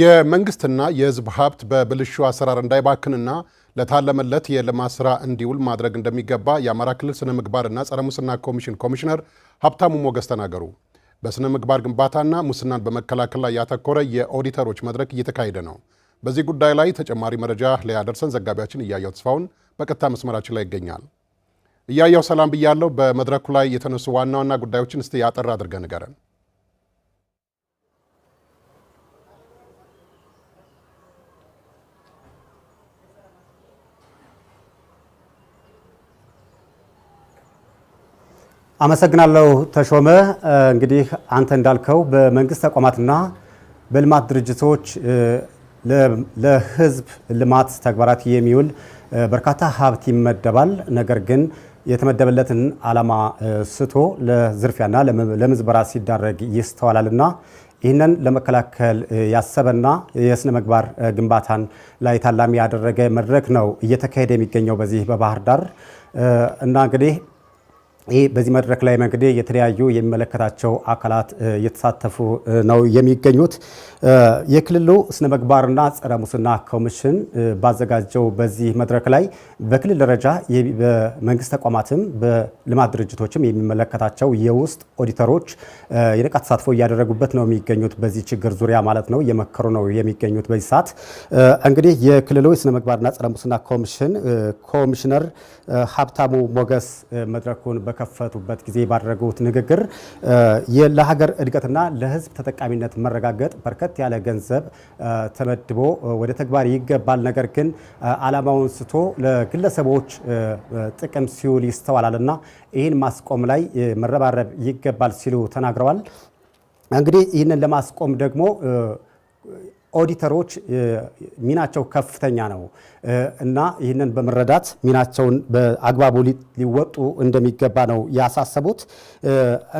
የመንግስትና የህዝብ ሀብት በብልሹ አሰራር እንዳይባክንና ለታለመለት የልማት ስራ እንዲውል ማድረግ እንደሚገባ የአማራ ክልል ስነ ምግባርና ጸረ ሙስና ኮሚሽን ኮሚሽነር ሀብታሙ ሞገስ ተናገሩ። በስነ ምግባር ግንባታና ሙስናን በመከላከል ላይ ያተኮረ የኦዲተሮች መድረክ እየተካሄደ ነው። በዚህ ጉዳይ ላይ ተጨማሪ መረጃ ሊያደርሰን ዘጋቢያችን እያየው ተስፋውን በቀጥታ መስመራችን ላይ ይገኛል። እያየው ሰላም ብያለው። በመድረኩ ላይ የተነሱ ዋና ዋና ጉዳዮችን እስቲ ያጠር አድርገን ንገረን። አመሰግናለሁ ተሾመ። እንግዲህ አንተ እንዳልከው በመንግስት ተቋማትና በልማት ድርጅቶች ለህዝብ ልማት ተግባራት የሚውል በርካታ ሀብት ይመደባል። ነገር ግን የተመደበለትን ዓላማ ስቶ ለዝርፊያና ለምዝበራ ሲዳረግ ይስተዋላልና ይህንን ለመከላከል ያሰበና የስነ ምግባር ግንባታን ላይ ታላሚ ያደረገ መድረክ ነው እየተካሄደ የሚገኘው በዚህ በባህር ዳር እና እንግዲህ ይህ በዚህ መድረክ ላይ እንግዲህ የተለያዩ የሚመለከታቸው አካላት እየተሳተፉ ነው የሚገኙት። የክልሉ ስነ ምግባርና ጸረ ሙስና ኮሚሽን ባዘጋጀው በዚህ መድረክ ላይ በክልል ደረጃ በመንግስት ተቋማትም በልማት ድርጅቶችም የሚመለከታቸው የውስጥ ኦዲተሮች የንቃት ተሳትፎ እያደረጉበት ነው የሚገኙት። በዚህ ችግር ዙሪያ ማለት ነው እየመከሩ ነው የሚገኙት። በዚህ ሰዓት እንግዲህ የክልሉ ስነ ምግባርና ጸረ ሙስና ኮሚሽን ኮሚሽነር ሀብታሙ ሞገስ መድረኩን በከፈቱበት ጊዜ ባደረጉት ንግግር ለሀገር እድገትና ለሕዝብ ተጠቃሚነት መረጋገጥ በርከት ያለ ገንዘብ ተመድቦ ወደ ተግባር ይገባል። ነገር ግን ዓላማውን ስቶ ለግለሰቦች ጥቅም ሲውል ይስተዋላልና ይህን ማስቆም ላይ መረባረብ ይገባል ሲሉ ተናግረዋል። እንግዲህ ይህንን ለማስቆም ደግሞ ኦዲተሮች ሚናቸው ከፍተኛ ነው እና ይህንን በመረዳት ሚናቸውን በአግባቡ ሊወጡ እንደሚገባ ነው ያሳሰቡት።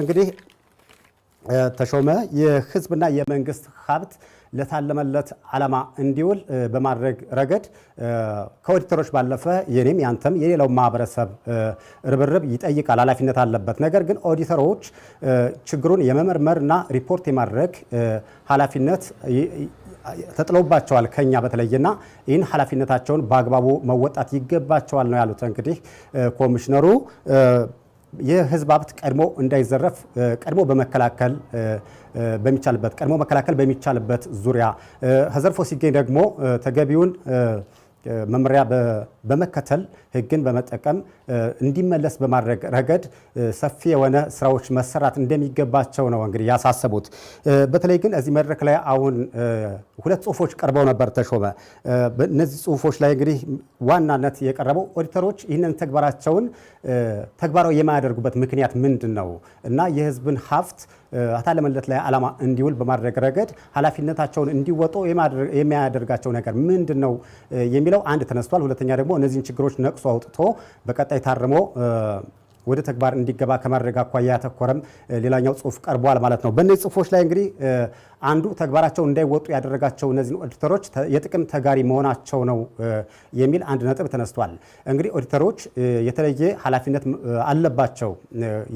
እንግዲህ ተሾመ የህዝብና የመንግስት ሀብት ለታለመለት ዓላማ እንዲውል በማድረግ ረገድ ከኦዲተሮች ባለፈ የኔም ያንተም የሌላው ማህበረሰብ ርብርብ ይጠይቃል፣ ኃላፊነት አለበት። ነገር ግን ኦዲተሮች ችግሩን የመመርመርና ሪፖርት የማድረግ ኃላፊነት ተጥለውባቸዋል ከኛ በተለየና ይህን ኃላፊነታቸውን በአግባቡ መወጣት ይገባቸዋል ነው ያሉት። እንግዲህ ኮሚሽነሩ የህዝብ ሀብት ቀድሞ እንዳይዘረፍ ቀድሞ በመከላከል በሚቻልበት ቀድሞ መከላከል በሚቻልበት ዙሪያ ተዘርፎ ሲገኝ ደግሞ ተገቢውን መመሪያ በመከተል ህግን በመጠቀም እንዲመለስ በማድረግ ረገድ ሰፊ የሆነ ስራዎች መሰራት እንደሚገባቸው ነው እንግዲህ ያሳሰቡት። በተለይ ግን እዚህ መድረክ ላይ አሁን ሁለት ጽሁፎች ቀርበው ነበር ተሾመ። እነዚህ ጽሁፎች ላይ እንግዲህ ዋናነት የቀረበው ኦዲተሮች ይህንን ተግባራቸውን ተግባራዊ የማያደርጉበት ምክንያት ምንድን ነው እና የህዝብን ሀብት አታለመለት ላይ ዓላማ እንዲውል በማድረግ ረገድ ኃላፊነታቸውን እንዲወጡ የሚያደርጋቸው ነገር ምንድን ነው የሚ የሚለው አንድ ተነስቷል። ሁለተኛ ደግሞ እነዚህን ችግሮች ነቅሶ አውጥቶ በቀጣይ ታርሞ ወደ ተግባር እንዲገባ ከማድረግ አኳያ ያተኮረም ሌላኛው ጽሁፍ ቀርቧል ማለት ነው። በእነዚህ ጽሁፎች ላይ እንግዲህ አንዱ ተግባራቸው እንዳይወጡ ያደረጋቸው እነዚህን ኦዲተሮች የጥቅም ተጋሪ መሆናቸው ነው የሚል አንድ ነጥብ ተነስቷል። እንግዲህ ኦዲተሮች የተለየ ኃላፊነት አለባቸው።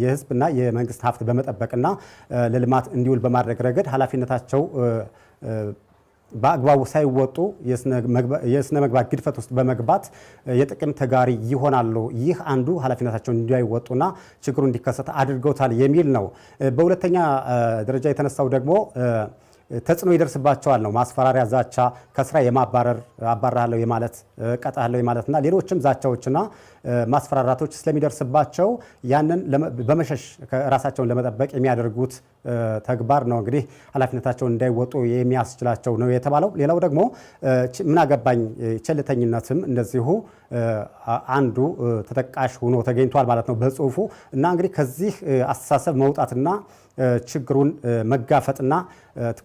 የህዝብና የመንግስት ሀብት በመጠበቅና ለልማት እንዲውል በማድረግ ረገድ ኃላፊነታቸው በአግባቡ ሳይወጡ የስነ መግባት ግድፈት ውስጥ በመግባት የጥቅም ተጋሪ ይሆናሉ። ይህ አንዱ ኃላፊነታቸውን እንዳይወጡና ችግሩ እንዲከሰት አድርገውታል የሚል ነው። በሁለተኛ ደረጃ የተነሳው ደግሞ ተጽዕኖ ይደርስባቸዋል ነው። ማስፈራሪያ፣ ዛቻ፣ ከስራ የማባረር አባራለሁ የማለት ቀጣለሁ የማለትና ሌሎችም ዛቻዎችና ማስፈራራቶች ስለሚደርስባቸው ያንን በመሸሽ ራሳቸውን ለመጠበቅ የሚያደርጉት ተግባር ነው እንግዲህ ኃላፊነታቸውን እንዳይወጡ የሚያስችላቸው ነው የተባለው። ሌላው ደግሞ ምን አገባኝ ቸልተኝነትም እንደዚሁ አንዱ ተጠቃሽ ሆኖ ተገኝቷል ማለት ነው በጽሁፉ እና እንግዲህ ከዚህ አስተሳሰብ መውጣትና ችግሩን መጋፈጥና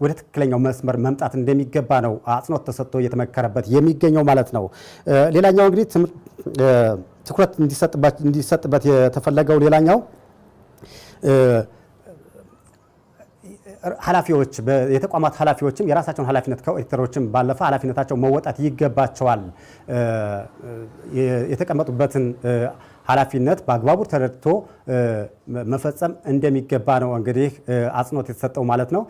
ወደ ትክክለኛው መስመር መምጣት እንደሚገባ ነው አጽንኦት ተሰጥቶ እየተመከረበት የሚገኘው ማለት ነው። ሌላኛው እንግዲህ ትኩረት እንዲሰጥበት የተፈለገው ሌላኛው ኃላፊዎች የተቋማት ኃላፊዎችም የራሳቸውን ኃላፊነት ከኦዲተሮችም ባለፈ ኃላፊነታቸው መወጣት ይገባቸዋል። የተቀመጡበትን ኃላፊነት በአግባቡ ተረድቶ መፈጸም እንደሚገባ ነው እንግዲህ አጽንኦት የተሰጠው ማለት ነው።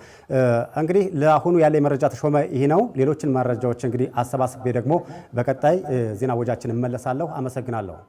እንግዲህ ለአሁኑ ያለ የመረጃ ተሾመ ይህ ነው። ሌሎችን መረጃዎች እንግዲህ አሰባስቤ ደግሞ በቀጣይ ዜና ወጃችን እመለሳለሁ። አመሰግናለሁ።